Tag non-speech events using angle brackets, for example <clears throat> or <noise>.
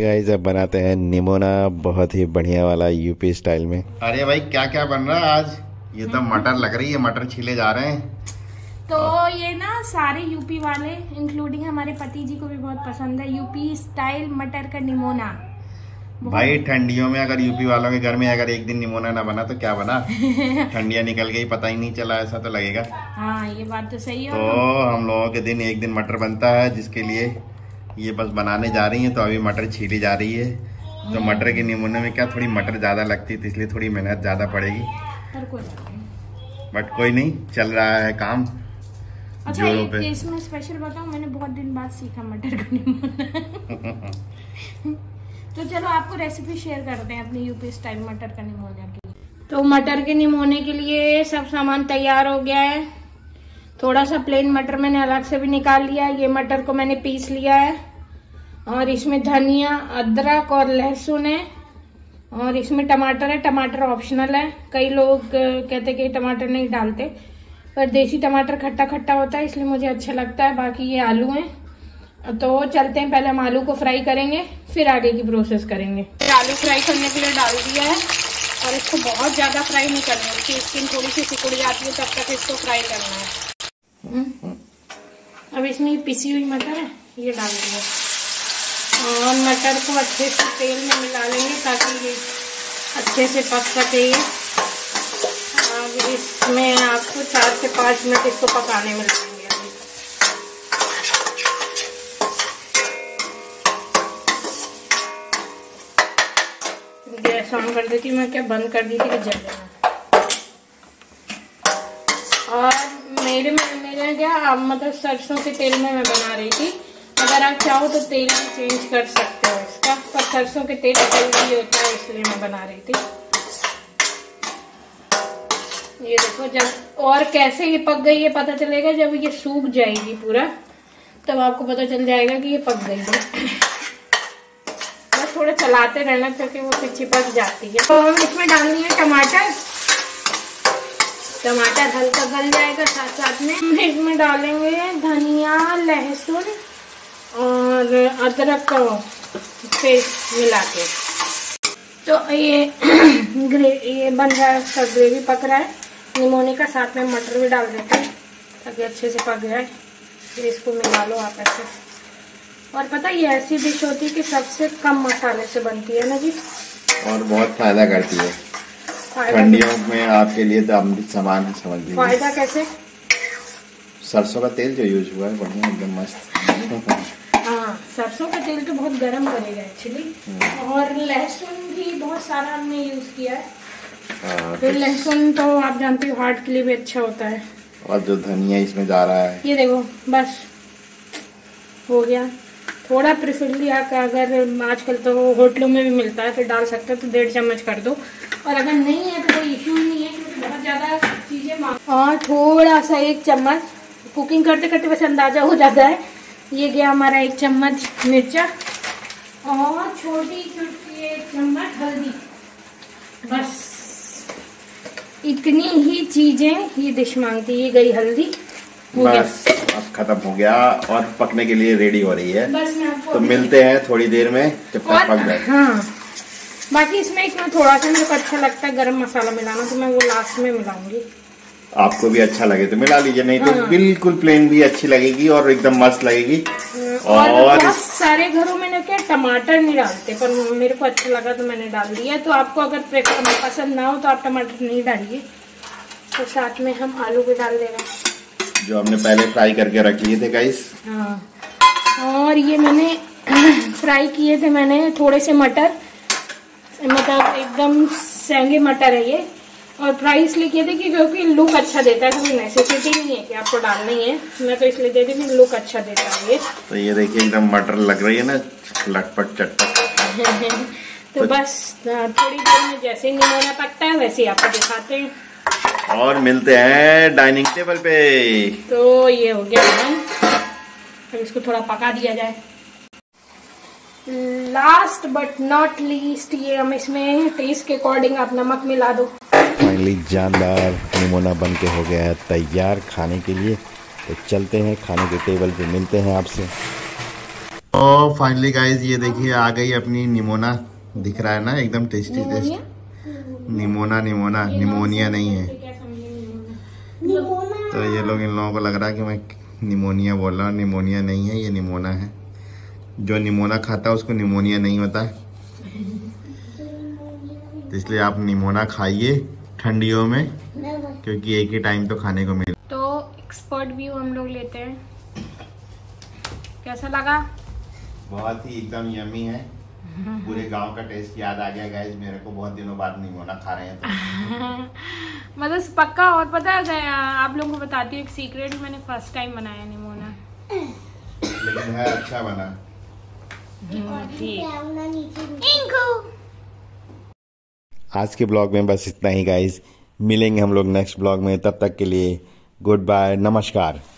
Guys अब बनाते हैं निमोना बहुत ही बढ़िया वाला यूपी स्टाइल में अरे भाई क्या क्या बन रहा है आज ये तो मटर लग रही है मटर छीले जा रहे हैं तो ये ना सारे यूपी वाले इंक्लूडिंग हमारे पति जी को भी बहुत पसंद है यूपी स्टाइल मटर का निमोना भाई ठंडियों में अगर यूपी वालों के घर में अगर एक दिन निमोना ना बना तो क्या बना <laughs> ठंडिया निकल गई पता ही नहीं चला ऐसा तो लगेगा हाँ ये बात तो सही है तो हम लोगों के दिन एक दिन मटर बनता है जिसके लिए ये बस बनाने जा रही हैं तो अभी मटर छीली जा रही है तो हम्म। मटर के नमूने में क्या थोड़ी मटर ज़्यादा लगती है तो इसलिए थोड़ी मेहनत ज़्यादा पड़ेगी बट कोई नहीं चल रहा है काम अच्छा इसमें स्पेशल मैंने बहुत दिन बाद सीखा मटर का निमोना <laughs> तो चलो आपको रेसिपी शेयर करते हैं अपने यूपी स्टाइल मटर का निमोनिया की तो मटर के निमोने के लिए सब सामान तैयार हो गया है थोड़ा सा प्लेन मटर मैंने अलग से भी निकाल लिया ये मटर को मैंने पीस लिया है और इसमें धनिया अदरक और लहसुन है और इसमें टमाटर है टमाटर ऑप्शनल है कई लोग कहते कि टमाटर नहीं डालते पर देसी टमाटर खट्टा खट्टा होता है इसलिए मुझे अच्छा लगता है बाकी ये आलू हैं तो चलते हैं पहले हम आलू को फ्राई करेंगे फिर आगे की प्रोसेस करेंगे फिर आलू फ्राई करने के लिए डाल दिया है और इसको बहुत ज़्यादा फ्राई नहीं करना इसकी स्किन थोड़ी सी सिकुड़ जाती है तब तक इसको फ्राई करना है हम्म। अब इसमें पिसी हुई मटर है ये देंगे और मटर को अच्छे से तेल में मिला लेंगे ताकि ये अच्छे से पक सके ये अब इसमें आपको चार से पाँच मिनट इसको पकाने में लगेंगे गैस ऑन कर देती मैं क्या बंद कर दी थी जल जाना हम मतलब सरसों के तेल में मैं बना रही थी अगर आप चाहो तो तेल भी चेंज कर सकते हो इसका पर सरसों के तेल जल्दी होता है इसलिए मैं बना रही थी ये देखो जब और कैसे ये पक गई ये पता चलेगा जब ये सूख जाएगी पूरा तब आपको पता चल जाएगा कि ये पक गई है बस थोड़ा चलाते रहना क्योंकि वो फिर पक जाती है तो हम इसमें डालनी है टमाटर टमाटर हल्का गल जाएगा साथ साथ में इसमें डालेंगे धनिया लहसुन और अदरक का पेस्ट मिला के तो ये <clears throat> ये बन रहा है सब ग्रेवी पक रहा है निमोनी का साथ में मटर भी डाल देते हैं ताकि अच्छे से पक जाए फिर इसको मिला लो आप ऐसे और पता ये ऐसी डिश होती है कि सबसे कम मसाले से बनती है ना जी और बहुत फायदा करती है ठंडियों में आपके लिए तो अमृत समान है समझ लीजिए फायदा कैसे सरसों का तेल जो यूज हुआ है बढ़िया एकदम मस्त हाँ सरसों का तेल तो बहुत गर्म करेगा एक्चुअली हम्म। और लहसुन भी बहुत सारा हमने यूज किया है हाँ, फिर लहसुन तो आप जानते हो हार्ट के लिए भी अच्छा होता है और जो धनिया इसमें जा रहा है ये देखो बस हो गया थोड़ा प्रिफरली अगर आजकल तो होटलों में भी मिलता है फिर डाल सकते हो तो डेढ़ चम्मच कर दो और अगर नहीं और थोड़ा सा एक चम्मच कुकिंग करते करते वैसे अंदाज़ा हो जाता है ये गया हमारा एक चम्मच मिर्चा और छोटी छोटी एक चम्मच हल्दी बस इतनी ही चीजें ये डिश मांगती ये गई हल्दी बस अब खत्म हो गया और पकने के लिए रेडी हो रही है बस मैं तो मिलते हैं थोड़ी देर में जब तक पक जाए हाँ बाकी इसमें इसमें थोड़ा सा मेरे को तो अच्छा लगता है गरम मसाला मिलाना तो मैं वो लास्ट में मिलाऊंगी आपको भी अच्छा लगे तो मिला लीजिए नहीं तो हाँ। बिल्कुल प्लेन भी अच्छी लगेगी और एकदम मस्त लगेगी और, और मतलब इस... सारे घरों में ना क्या टमाटर नहीं डालते पर मेरे को अच्छा लगा तो मैंने डाल दिया तो आपको अगर पसंद ना हो तो आप टमाटर नहीं डालिए तो साथ में हम आलू भी डाल देगा जो हमने पहले फ्राई करके रख लिए थे गाइस हाँ। और ये मैंने फ्राई <clears throat> किए थे मैंने थोड़े से मटर मतलब एकदम सेंगे मटर है ये और प्राइस लिख ये देखिए क्योंकि लुक अच्छा देता है कोई नेसेसिटी नहीं है कि आपको डालना ही है मैं तो इसलिए दे दी कि लुक अच्छा देता है ये तो ये देखिए एकदम मटर लग रही है ना लटपट चटपट <laughs> तो, तो बस थोड़ी देर में जैसे ही निमोना पकता है वैसे ही आपको दिखाते हैं और मिलते हैं डाइनिंग टेबल पे तो ये हो गया अब इसको थोड़ा पका दिया जाए लास्ट बट नॉट लीस्ट ये हम इसमें टेस्ट के अकॉर्डिंग आप नमक मिला दो फाइनली जानदार नमूना बन के हो गया है तैयार खाने के लिए तो चलते हैं खाने के टेबल पे मिलते हैं आपसे और फाइनली गाइज ये देखिए आ गई अपनी निमोना दिख रहा है ना एकदम टेस्टी टेस्ट निमोना निमोना निमोनिया नहीं है तो ये लोग इन लोगों को लग रहा है कि मैं निमोनिया बोल रहा हूँ निमोनिया नहीं है ये निमोना है जो निमोना खाता है उसको निमोनिया नहीं होता <laughs> तो इसलिए आप निमोना खाइए ठंडियों में क्योंकि एक ही टाइम तो खाने को मिले तो एक्सपर्ट भी हम लोग लेते हैं कैसा लगा बहुत ही एकदम यमी है पूरे गांव का टेस्ट याद आ गया गाइस मेरे को बहुत दिनों बाद नहीं होना खा रहे हैं तो <laughs> मतलब पक्का और पता है आप लोगों को बताती हूँ एक सीक्रेट मैंने फर्स्ट टाइम बनाया निमोना लेकिन है अच्छा बना ठीक आज के ब्लॉग में बस इतना ही गाइज मिलेंगे हम लोग नेक्स्ट ब्लॉग में तब तक के लिए गुड बाय नमस्कार